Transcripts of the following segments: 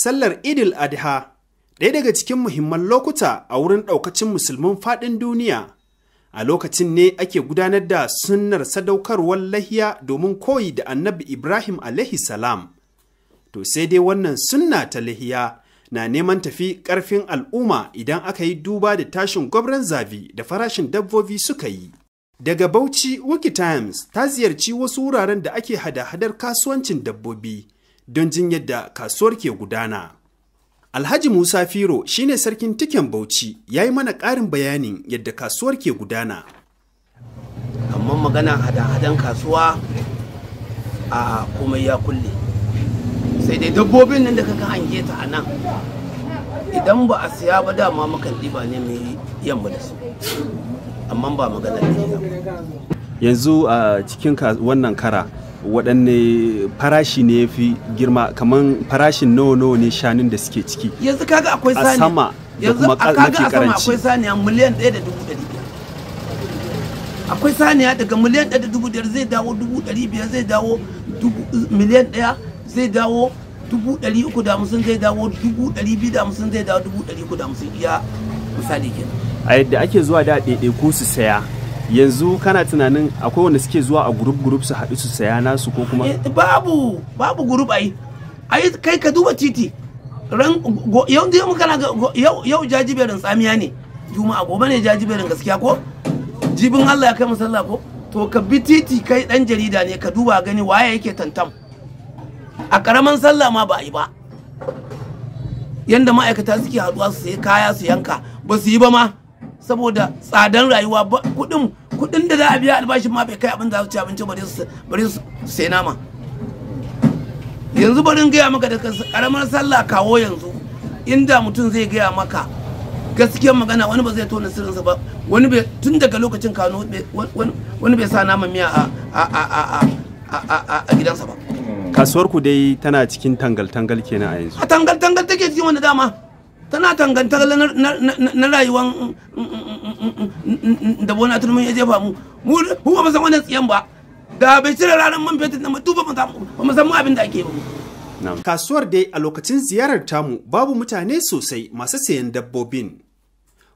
sallar Idil Adha ɗaya daga cikin muhimman lokuta a wurin ɗaukacin musulmin faɗin duniya. A lokacin ne ake gudanar da sunnar sadaukarwar lahiya domin koyi da annabi Ibrahim salam. To sai dai wannan sunna ta lahiya na neman tafi ƙarfin al'umma idan aka yi duba da tashin gwabran zabi da farashin dabbobi suka yi. Daga Bauchi Wiki ta ziyarci wasu wuraren da ake hada-hadar kasuwancin dabbobi don jin yadda kasuwar ke gudana. Alhaji Musa Firo ne sarkin tiken Bauchi ya yi mana ƙarin bayanin yadda kasuwar ke gudana. Amma magana hada-hadan kasuwa a komai ya kulle. Sai dai dabbobin nan da kaka hange ta a nan. Idan ba a siya ba dama mukan ɗiba ne mai yamma da su. Amma ba magana ne. Yanzu a cikin wannan kara waɗanne farashi ne ya fi girma kamar farashin nawa nawa ne shanun da suke ciki yanzu kaga akwai sani a sama da kuma mafi karanci akwai saniya miliyan ɗaya da dubu ɗari akwai saniya daga miliyan ɗaya da dubu biyar zai dawo dubu ɗari biyar zai dawo miliyan ɗaya zai dawo dubu ɗari uku da hamsin zai dawo dubu ɗari biyu da hamsin zai dawo dubu ɗari uku da hamsin iya misali kenan a yadda ake zuwa da ɗaiɗaiku su saya yanzu kana tunanin akwai wanda suke zuwa a gurup gurup su haɗu su saya nasu ko kuma eh, babu babu gurup ai ai kai ka duba titi ran yau da kana yau yau jajiberin tsamiya ne juma'a gobe ne jajiberin gaskiya ko jibin Allah ya kai musalla ko to ka bi titi kai dan jarida ne ka duba gani waye yake tantam a karaman sallah ma ba a yi ba yanda ma'aikata suke haɗuwa su sai kaya su yanka ba su yi ba ma saboda tsadan rayuwa kuɗin kudin da za a biya albashin ma bai kai abin za su ci abinci bari su sai nama yanzu barin gaya maka da karamar sallah kawo yanzu inda mutum zai gaya maka gaskiyar magana wani ba zai tona sirrinsa ba wani bai tun daga lokacin kano wani bai sa nama miya a gidansa ba kasuwar ku dai tana cikin tangal-tangal kenan a yanzu a tangal-tangal take cikin wani dama tana tangantar na rayuwan da bona turmin ya jefa mu mu ba mu san wannan tsiyan ba da bai cire ranar man fetur na mutu ba mu san mu abin da ake ba kasuwar dai a lokacin ziyarar tamu babu mutane sosai masu sayan dabbobin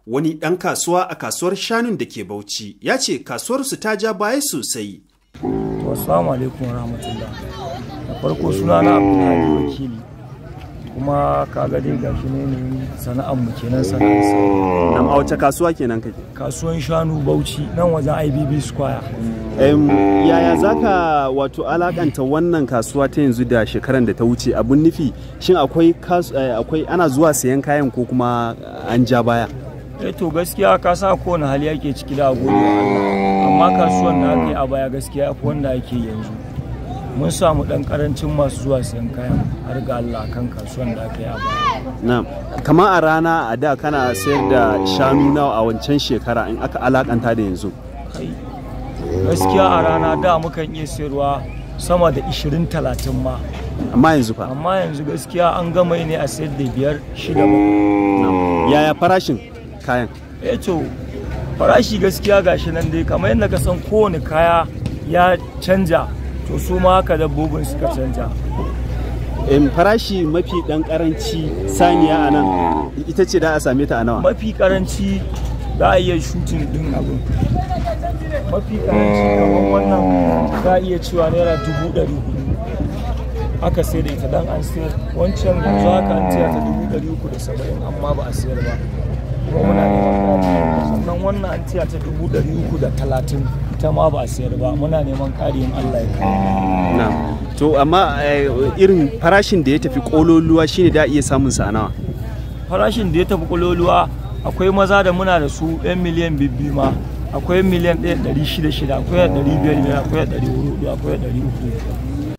wani ɗan kasuwa a kasuwar shanun da ke bauchi ya ce kasuwar su ta ja baya sosai wasu alaikum rahmatullah da farko na abu na kuma ka ga dai gashi ne ne sana'ar mu kenan sana'ar nan a wace kasuwa kenan kake kasuwan shanu Bauchi nan wajen IBB Square Yaya yaya zaka wato alakanta wannan kasuwa ta yanzu da shekaran da ta wuce abun nufi shin akwai eh, akwai ana zuwa sayan kayan ko kuma eh, an ja baya eh to gaskiya ka sa kowane hali yake ciki da gode amma kasuwan da aka a baya gaskiya wanda ake yanzu mun samu dan karancin masu zuwa sayan kayan har ga Allah kan kasuwan da aka yi a baya. Kama a rana a da kana sayar da shanu nawa a wancan shekara in aka alakanta da yanzu. Gaskiya a rana da mukan iya sayarwa sama da 20-30 ma. Amma yanzu fa? Amma yanzu gaskiya an gama ne a sayar da biyar shida ba. Yaya farashin kayan? eto eh farashi gaskiya gashi nan dai kamar yadda ka san kowane kaya ya canja to su ma haka dabbobin suka canja. farashi mafi dan karanci saniya a nan ita ce da a same ta a nawa mafi karanci za a iya shooting din abin mafi karanci kamar wannan za a iya cewa naira dubu ɗari hudu aka sai da ita dan an sayar wancan yanzu haka an tiya ta dubu ɗari uku da saba'in amma ba a sayar ba kuma muna da sannan wannan an tiya ta dubu ɗari uku da talatin ita ma ba a sayar ba muna neman karin Allah ya to amma eh, irin farashin da ya tafi kololuwa shine da iya samun sa nawa farashin da ya tafi kololuwa akwai maza da muna da su 'yan miliyan bibbi ma akwai miliyan 1,600 akwai 500 akwai 400 akwai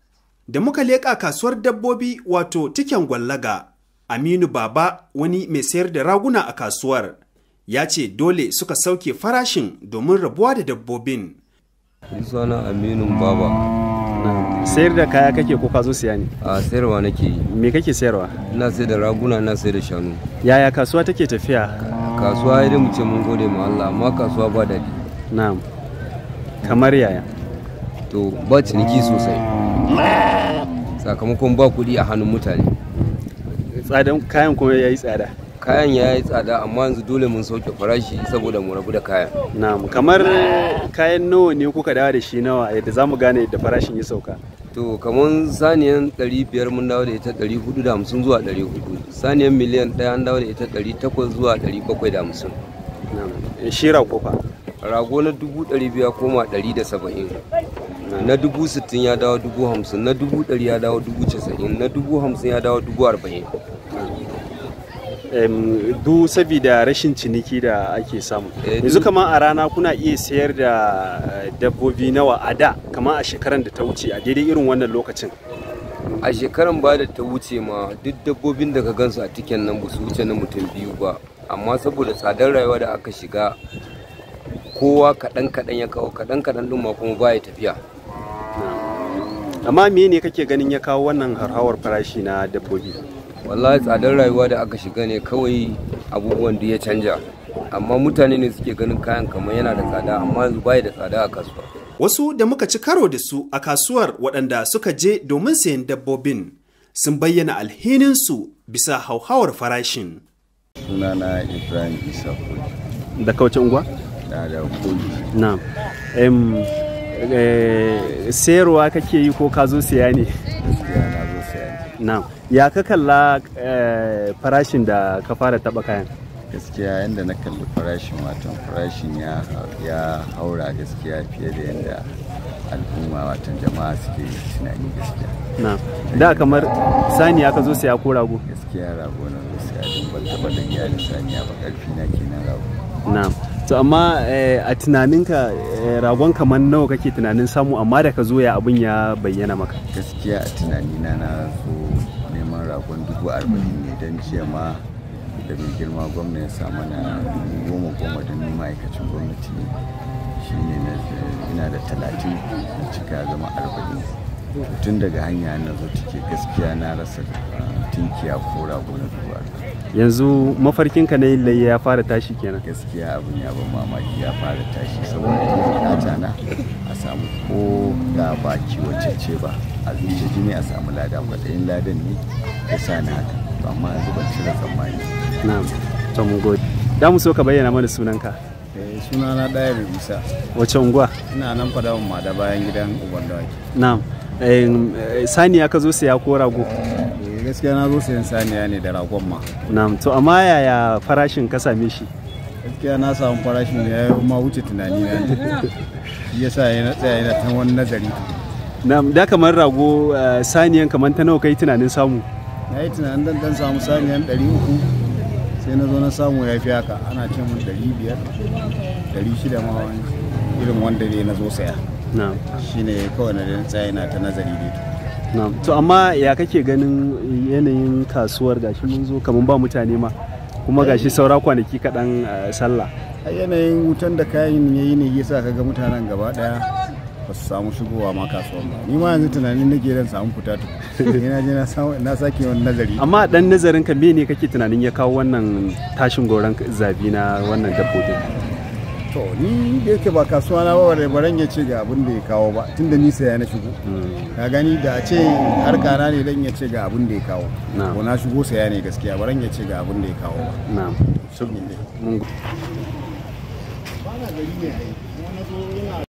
300 da muka leƙa kasuwar dabbobi wato tiken gwallaga aminu baba wani mai sayar da raguna a kasuwar ya ce dole suka sauke farashin domin rabuwa da dabbobin. Suna Aminu Baba. Sayar da kaya kake ko kazo siya ne? A sayarwa nake yi. Me kake sayarwa? Ina sayar da raguna ina sayar da shanu. Yaya kasuwa take tafiya? Kasuwa ya mu ce mun gode ma Allah amma kasuwa ba daɗi. Na'am. Kamar yaya? To ba ciniki sosai. Sakamakon ba kuɗi a hannun mutane. Tsadan kayan kuma ya yi tsada. kayan ya yi tsada amma yanzu dole mun sauke farashi saboda mu rabu da kayan na'am kamar kayan nawa ne kuka dawo da shi nawa yadda za mu gane yadda farashin ya sauka to kamar saniyan 500 mun dawo da ita 450 zuwa 400 saniyan miliyan 1 an dawo da ita 800 zuwa 750 eh, shi rago fa rago na ɗari biyar koma 170 na dubu sittin ya dawo dubu hamsin na dubu ɗari ya dawo dubu casa'in na dubu hamsin ya dawo dubu arba'in Duk saboda rashin ciniki da ake samu eh, yanzu kama a rana kuna iya sayar da eh, dabbobi nawa a da kama a shekaran da ta wuce a daidai irin wannan lokacin a shekaran ba da ta wuce ma duk dabbobin da ka gansu a cikin nan ba wuce na mutum biyu ba amma saboda tsadar rayuwa da aka shiga kowa kaɗan kaɗan ya kawo kaɗan kaɗan ɗin ma kuma ba ya tafiya amma me ne kake ganin ya kawo wannan harhawar farashi na dabbobi wallahi tsadar rayuwa da aka shiga ne kawai abubuwan da ya canja amma mutane ne suke ganin kayan kamar yana da tsada amma yanzu bai da tsada a kasuwa wasu da muka ci karo da su a kasuwar waɗanda suka je domin sayan dabbobin sun bayyana su bisa hauhawar farashin sunana ibrahim isa da kauce unguwa da da na'am eh, sayarwa kake yi ko ka zo siya ne na zo siya ne ya ka kalla eh, farashin da ka fara taba kayan gaskiya yadda na kalli farashin watan farashin ya haura gaskiya fiye da yadda al'umma watan jama'a suke tunani gaskiya na da kamar ya ka zo saya ko rago gaskiya rago na zo saya don ban taba da iyalin ya ba karfi na kenan rago na to amma eh, a tunaninka eh, ragon kamar nawa kake tunanin samu amma da ka zo ya abin ya bayyana maka gaskiya a tunanina na zo ragon dubu arba'in ne don jiya ma da mai girma gwamna ya samu na dubu goma goma don ma'aikacin gwamnati ne shi ne ina da talatin na cika zama arba'in tun daga hanya na zo cike gaskiya na rasa ah, tinkiya ko rago na dubu yanzu mafarkin ka na yin layya ya fara tashi kenan gaskiya abin ya ban mamaki ya fara tashi saboda ina na a samu ko da ba ce ba a zuci jini a samu lada kwaɗayin ladan ne ya sa na haka to amma yanzu ban da tsammani na to mun gode da mu so ka bayyana mana sunanka eh suna na daya mai musa wace unguwa ina nan fadawan ma da bayan gidan uban dawaki na'am eh, saniya ka zo siya ko rago eh, gaskiya na zo sayan saniya ne da ragon ma na'am to amma yaya farashin ka same shi gaskiya na samu farashin ya yi ma wuce tunani na ne sa ya na tsaya yana ta wani nazari na da kamar rago eh, saniyan kamar ta nawa kai tunanin samu na yi tunanin dan dan samu saniyan 300 sai na zo na samu ya fi haka ana ce mun 500 600 ma irin wanda ne na zo saya shine kawai na da tsaye na ta nazari dai to amma ya kake ganin yanayin kasuwar gashi mun zo kamar ba mutane ma kuma gashi saura kwanaki kaɗan eh, sallah yanayin wutan da kayan yayi ne yasa kaga mutanen gaba daya ba su samu shigowa ma kasuwan ba ni ma yanzu tunanin nake dan samu fita to ni na je na sake wani nazari amma dan nazarin ka me ne kake tunanin ya kawo wannan tashin goran zabi na wannan dabbobin to ni da yake ba kasuwa na ba baran ya ce ga abin da ya kawo ba tunda ni saya na shigo hmm. ka gani da a ce har kana ne dan ya ce ga abin da ya kawo ko na shigo saya ne gaskiya baran ya ce ga abin da ya kawo ba na'am mun gari ne